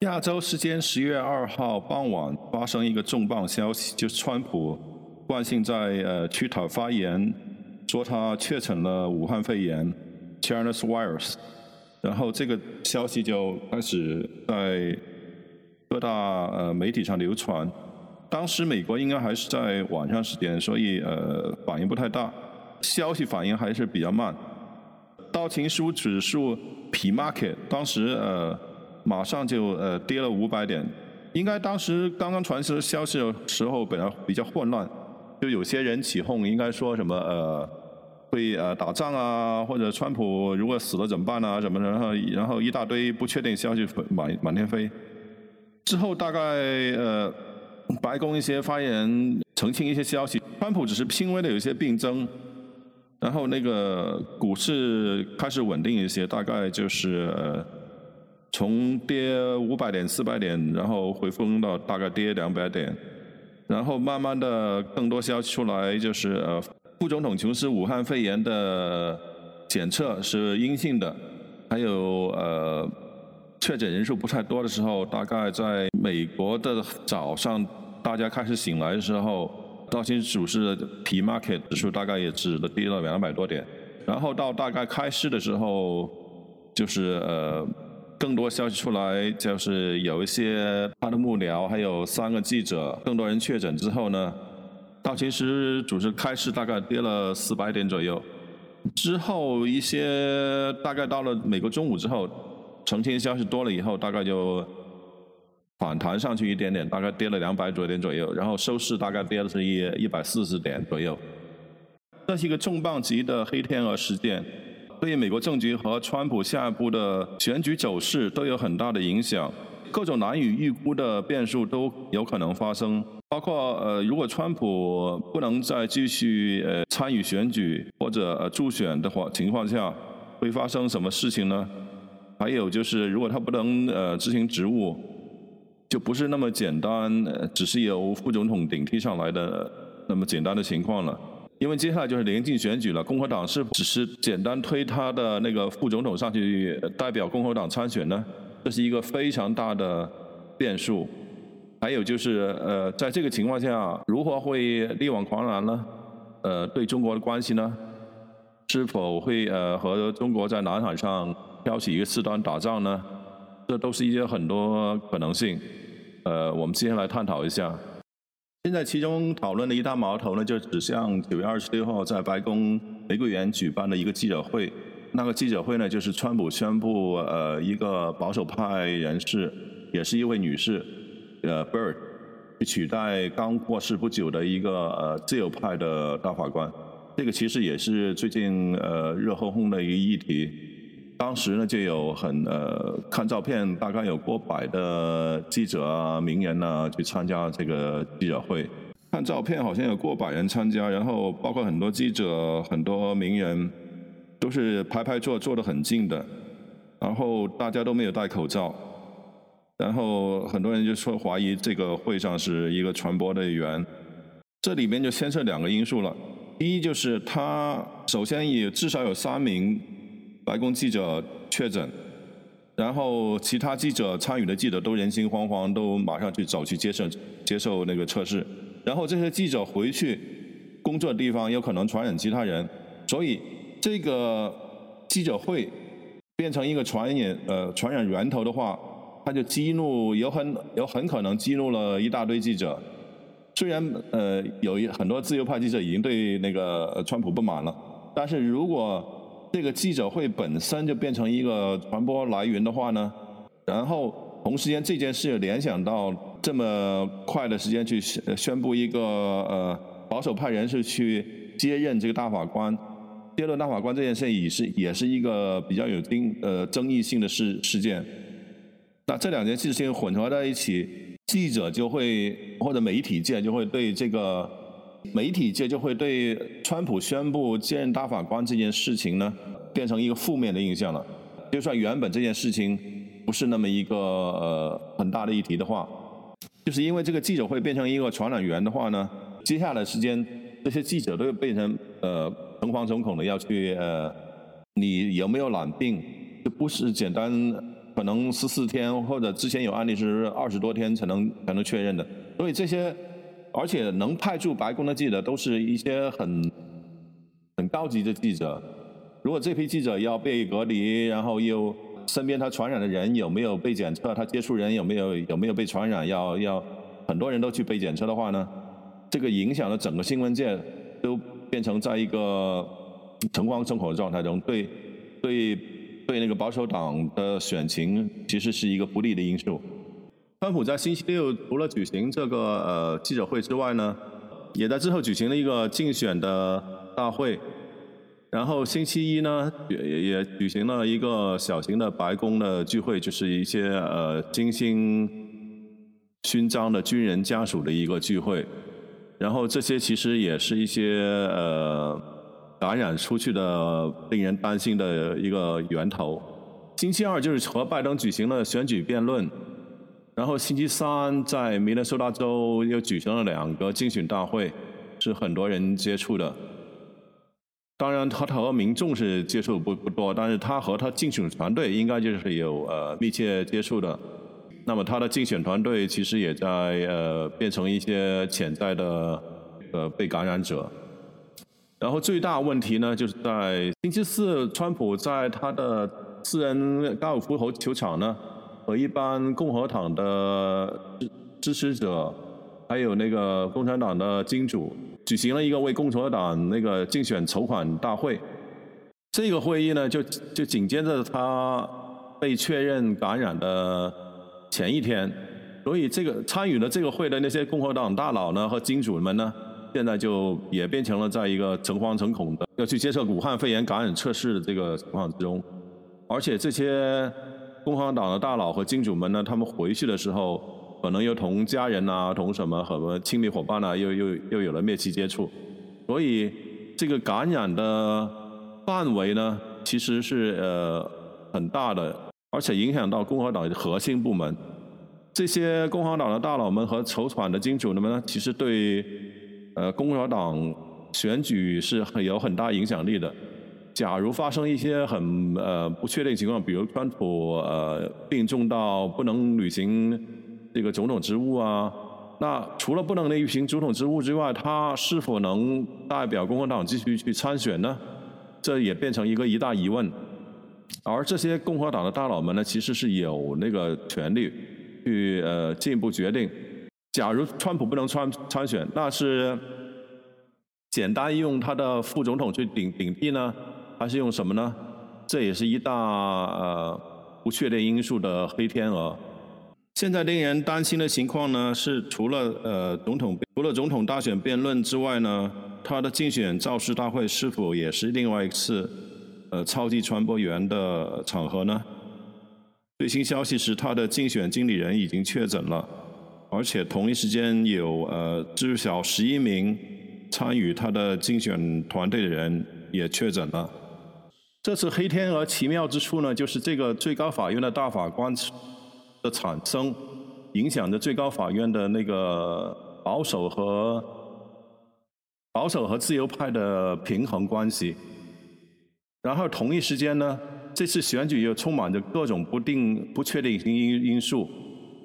亞洲時間十月二號傍晚發生一個重磅消息，就是川普慣性在呃推特發言，說他確診了武漢肺炎 Chinese virus），然後這個消息就開始在各大呃媒體上流傳。當時美國應該還是在晚上時間，所以呃反應不太大，消息反應還是比較慢。道瓊斯指數 pre-market 當時呃馬上就呃跌了五百點，應該當時剛剛傳出消息的時候，本來比較混亂，就有些人起哄，應該說什麼呃會呃打仗啊，或者川普如果死了怎麼辦啊什麼的，然後然後一大堆不確定消息滿滿天飛。之後大概呃白宮一些發言人澄清一些消息，川普只是輕微的有些病症，然後那個股市開始穩定一些，大概就是。呃。從跌五百點四百點，然後回封到大概跌兩百點，然後慢慢的更多消息出來，就是呃，副總統瓊斯武漢肺炎的檢測是陰性的，還有呃，確診人數不太多的時候，大概在美國的早上大家開始醒來的時候，道瓊斯的 pre-market 指數大概也只的跌了兩百多點，然後到大概開市的時候，就是呃。更多消息出來，就是有一些他的幕僚，還有三個記者，更多人確診之後呢，道瓊斯指數開市大概跌了四百點左右，之後一些大概到了美國中午之後，澄清消息多了以後，大概就反彈上去一點點，大概跌了兩百左右點左右，然後收市大概跌了是一一百四十點左右，這是一個重磅級的黑天鵝事件。對於美國政局、和川普下一步的選舉走勢都有很大的影響，各種難以預估的變數都有可能發生。包括呃，如果川普不能再繼續呃參與選舉或者呃助選的話情況下，會發生什麼事情呢？還有就是，如果他不能呃執行職務，就不是那麼簡單，只是由副總統頂替上來的那麼簡單的情況了。因為接下來就是臨近選舉了，共和黨是否只是簡單推他的那個副總統上去代表共和黨參選呢？這是一個非常大的變數。還有就是，呃，在這個情況下，如何會力挽狂瀾呢？呃，對中國的關係呢？是否會呃和中國在南海上挑起一個事端打仗呢？這都是一些很多可能性。呃，我們接下來探討一下。現在，其中討論的一大矛頭呢，就指向九月二十六號在白宮玫瑰園舉辦的一個記者會。那個記者會呢，就是川普宣布，呃，一個保守派人士，也是一位女士，呃，b Barrett 去取代剛過世不久的一個呃自由派的大法官。這個其實也是最近呃熱烘烘的一個議題。當時呢，就有很呃，看照片，大概有過百的記者啊、名人啊去參加這個記者會。看照片，好像有過百人參加，然後包括很多記者、很多名人，都是排排坐，坐得很近的。然後大家都沒有戴口罩，然後很多人就說懷疑這個會上是一個傳播的源。這裡面就牽涉兩個因素了，第一就是他首先也至少有三名白宮記者確診，然後其他記者參與的記者都人心惶惶，都馬上去走去接受接受那個測試。然後這些記者回去工作的地方，有可能傳染其他人。所以這個記者會變成一個傳染呃傳染源頭的話，他就激怒有很有很可能激怒了一大堆記者。雖然呃有一很多自由派記者已經對那個川普不滿了，但是如果這個記者會本身就變成一個傳播來源的話呢，然後同時間這件事聯想到這麼快的時間去宣宣布一個呃保守派人士去接任這個大法官，接任大法官這件事也是也是一個比較有爭呃爭議性的事事件，那這兩件事情混合在一起，記者就會或者媒體界就會對這個。媒體界就會對川普宣布接任大法官這件事情呢，變成一個負面的印象了。就算原本這件事情不是那麼一個呃很大的議題的話，就是因為這個記者會變成一個傳染源的話呢，接下來時間這些記者都會變成呃誠惶誠恐的要去，呃，你有沒有染病？這不是簡單可能十四天或者之前有案例是二十多天才能才能確認的，所以這些。而且能派駐白宮的記者都是一些很很高級的記者。如果這批記者要被隔離，然後又身邊他傳染的人有沒有被檢測，他接觸人有沒有有沒有被傳染，要要很多人都去被檢測的話呢？這個影響了整個新聞界都變成在一個誠惶誠恐的狀態中，對對對那個保守黨的選情其實是一個不利的因素。川普在星期六除了舉行這個呃記者會之外呢，也在之後舉行了一個競選的大會。然後星期一呢，也也舉行了一個小型的白宮的聚會，就是一些呃金星勳章的軍人家屬的一個聚會。然後這些其實也是一些呃感染出去的令人擔心的一個源頭。星期二就是和拜登舉行了選舉辯論。然後星期三在明尼蘇達州又舉行了兩個競選大會，是很多人接觸的。當然，他和民眾是接觸不不多，但是他和他競選團隊應該就是有呃密切接觸的。那麼他的競選團隊其實也在呃變成一些潛在的呃被感染者。然後最大問題呢，就是在星期四，川普在他的私人高爾夫球球場呢。和一般共和黨的支持者，還有那個共產黨的金主，舉行了一個為共和黨那個競選籌款大會。這個會議呢，就就緊接着他被確認感染的前一天，所以這個參與了這個會的那些共和黨大佬呢和金主們呢，現在就也變成了在一個誠惶誠恐的要去接受武漢肺炎感染測試的這個情況之中，而且這些。共和黨的大佬和金主們呢，他們回去的時候，可能又同家人吶、啊、同什麼和親密夥伴呢、啊，又又又有了密切接觸，所以這個感染的範圍呢，其實是呃很大的，而且影響到共和黨的核心部門。這些共和黨的大佬們和籌款的金主們呢，其實對呃共和黨選舉是很有很大影響力的。假如發生一些很呃不確定情況，比如川普呃病重到不能履行這個總統職務啊，那除了不能履行總統職務之外，他是否能代表共和黨繼續去參選呢？這也變成一個一大疑問。而這些共和黨的大佬們呢，其實是有那個權力去呃進一步決定。假如川普不能參參選，那是簡單用他的副總統去頂頂替呢？還是用什麼呢？這也是一大呃不確定因素的黑天鵝。現在令人擔心的情況呢是，除了呃總統除了總統大選辯論之外呢，他的競選造勢大會是否也是另外一次呃超級傳播員的場合呢？最新消息是，他的競選經理人已經確診了，而且同一時間有呃至少十一名參與他的競選團隊的人也確診了。這次黑天鵝奇妙之處呢，就是這個最高法院的大法官的產生，影響着最高法院的那個保守和保守和自由派的平衡關係。然後同一時間呢，這次選舉又充滿着各種不定、不確定性因因素，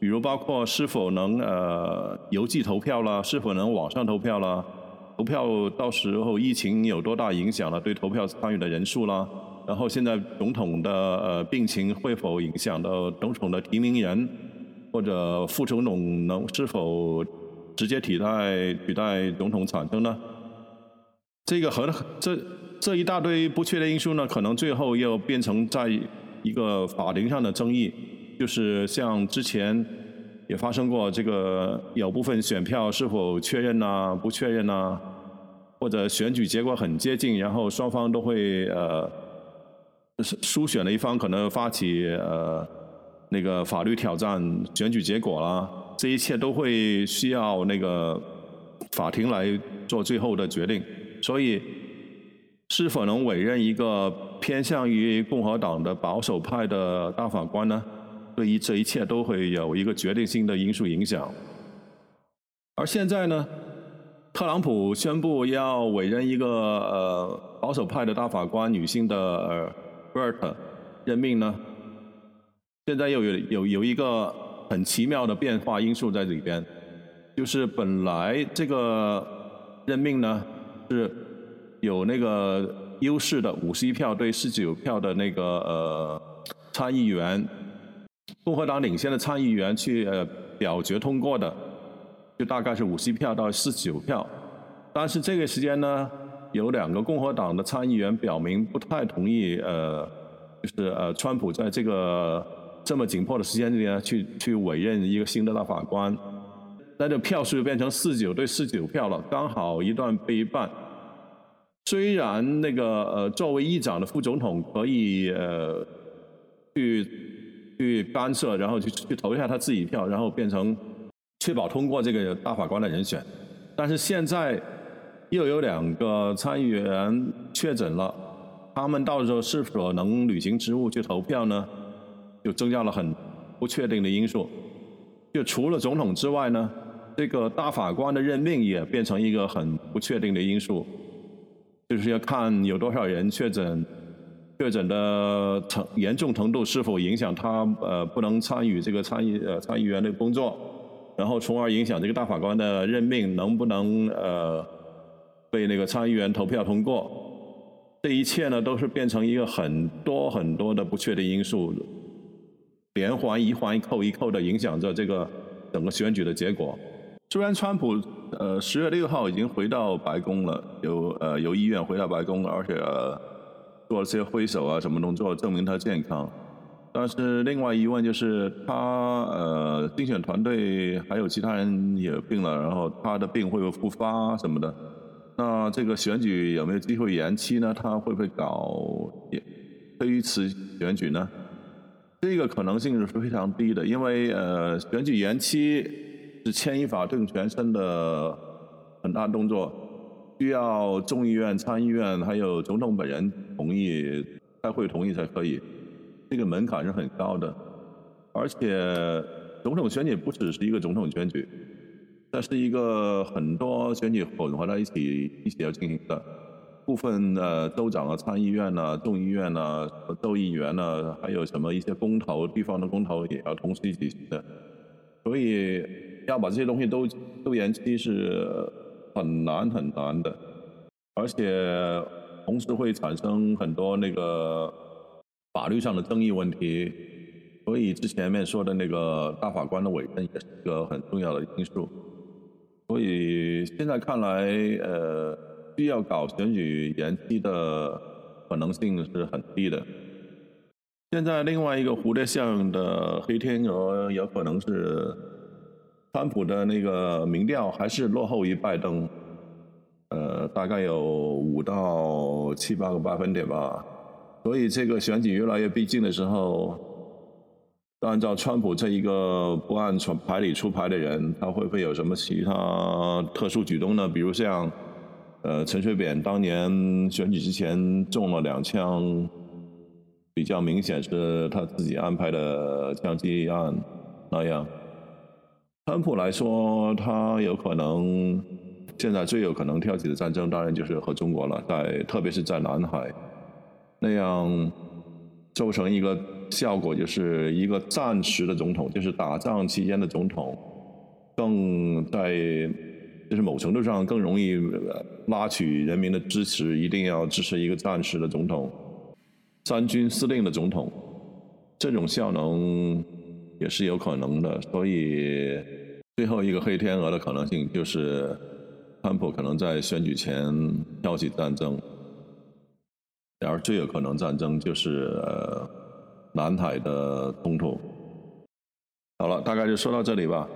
比如包括是否能呃郵寄投票了，是否能網上投票了。投票，到時候疫情有多大影響呢？對投票參與的人數啦，然後現在總統的呃病情，會否影響到總統的提名人或者，副總統能是否直接替代、取代總統產生呢？這個和這這一大堆不確定因素呢，可能最後又變成在一個法庭上的爭議，就是像之前。也發生過這個有部分選票是否確認吶、啊？不確認吶、啊？或者選舉結果很接近，然後雙方都會呃輸選的一方可能發起呃那個法律挑戰選舉結果啦、啊，這一切都會需要那個法庭來做最後的決定。所以，是否能委任一個偏向於共和黨的保守派的大法官呢？對於這一切都會有一個決定性的因素影響，而現在呢，特朗普宣布要委任一個呃保守派的大法官，女性的呃 Barrett 任命呢，現在又有有有一個很奇妙的變化因素在裡邊，就是本來這個任命呢是有那個優勢的，五十一票對四十九票的那個呃參議員。共和黨領先的參議員去呃表決通過的，就大概是五十票到四十九票。但是這個時間呢，有兩個共和黨的參議員表明不太同意，呃，就是呃，川普在這個這麼緊迫的時間裡呢，去去委任一個新的大法官，那就票數就變成四九對四九票了，剛好一段背一半。雖然那個呃，作為議長的副總統可以呃去。去干涉，然後去去投一下他自己票，然後變成確保通過這個大法官的人選。但是現在又有兩個參議員確診了，他們到時候是否能履行職務去投票呢？就增加了很不確定的因素。就除了總統之外呢，這個大法官的任命也變成一個很不確定的因素，就是要看有多少人確診。確診的程嚴重程度是否影響他，呃，不能參與這個參議呃參議員的工作，然後從而影響這個大法官的任命能不能呃被那個參議員投票通過，這一切呢，都是變成一個很多很多的不確定因素，連環一環一扣一扣的影響着這個整個選舉的結果。雖然川普呃十月六號已經回到白宮了，由呃由醫院回到白宮，而且，呃。做了些揮手啊什麼動作，證明他健康。但是另外一問就是，他呃競選團隊還有其他人也病了，然後他的病會不會復發什麼的。那這個選舉有沒有機會延期呢？他會不會搞推遲選舉呢？這個可能性是非常低的，因為呃選舉延期是牽一髮動全身的很大動作。需要眾議院、參議院還有總統本人同意，開會同意才可以。這個門檻是很高的，而且總統選舉不只是一個總統選舉，它是一個很多選舉混合在一起一起要進行的。部分的州長啊、參議院吶、眾議院吶、啊、州議員吶、啊，還有什麼一些公投、地方的公投也要同時一起進行的。所以要把這些東西都都延期是很難很難的，而且同時會產生很多那個法律上的爭議問題，所以之前面說的那個大法官的委任也是一個很重要的因素，所以現在看來，呃，需要搞選舉延期的可能性是很低的。現在另外一個蝴蝶效應的黑天鵝有可能是，川普的那個民調還是落後於拜登，呃，大概有五到七八個百分點吧。所以這個選舉越來越逼近的時候，按照川普這一個不按牌理出牌的人，他會不會有什麼其他特殊舉動呢？比如像呃陳水扁當年選舉之前中了兩槍，比較明顯是他自己安排的槍擊案那樣。特朗普來說，他有可能現在最有可能挑起的戰爭，當然就是和中國了。在特別是在南海那樣造成一個效果，就是一個戰時的總統，就是打仗期間的總統，更在就是某程度上更容易拉取人民的支持，一定要支持一個戰時的總統，三軍司令的總統，這種效能。也是有可能的，所以最後一個黑天鵝的可能性就是，川普可能在選舉前挑起戰爭，然而最有可能戰爭就是，呃，南海的衝突。好了，大概就說到這裡吧。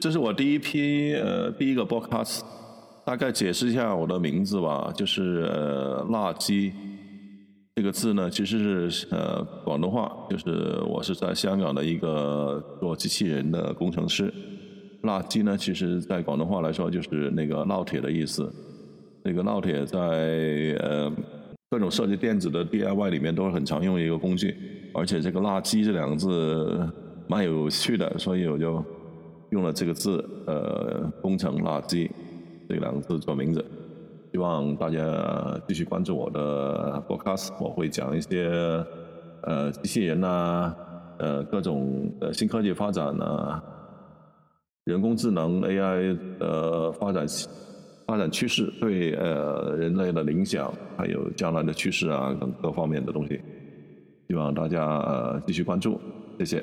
這是我第一批呃第一個 broadcast，大概解釋一下我的名字吧，就是呃垃圾。這個字呢，其實是呃廣東話，就是我是在香港的一個做機器人的工程師。烙機呢，其實在廣東話來說就是那個烙鐵的意思。那、這個烙鐵在呃各種設計電子的 DIY 裡面都是很常用的一個工具。而且這個“烙機”這兩個字蠻有趣的，所以我就用了這個字，呃，工程烙機這兩個字做名字。希望大家繼續關注我的 podcast 我會講一些呃機器人吶、啊，呃各種呃新科技發展吶、啊，人工智能 AI 的發展發展趨勢對呃人類的影響，還有將來的趨勢啊等各方面的東西，希望大家繼續關注，謝謝。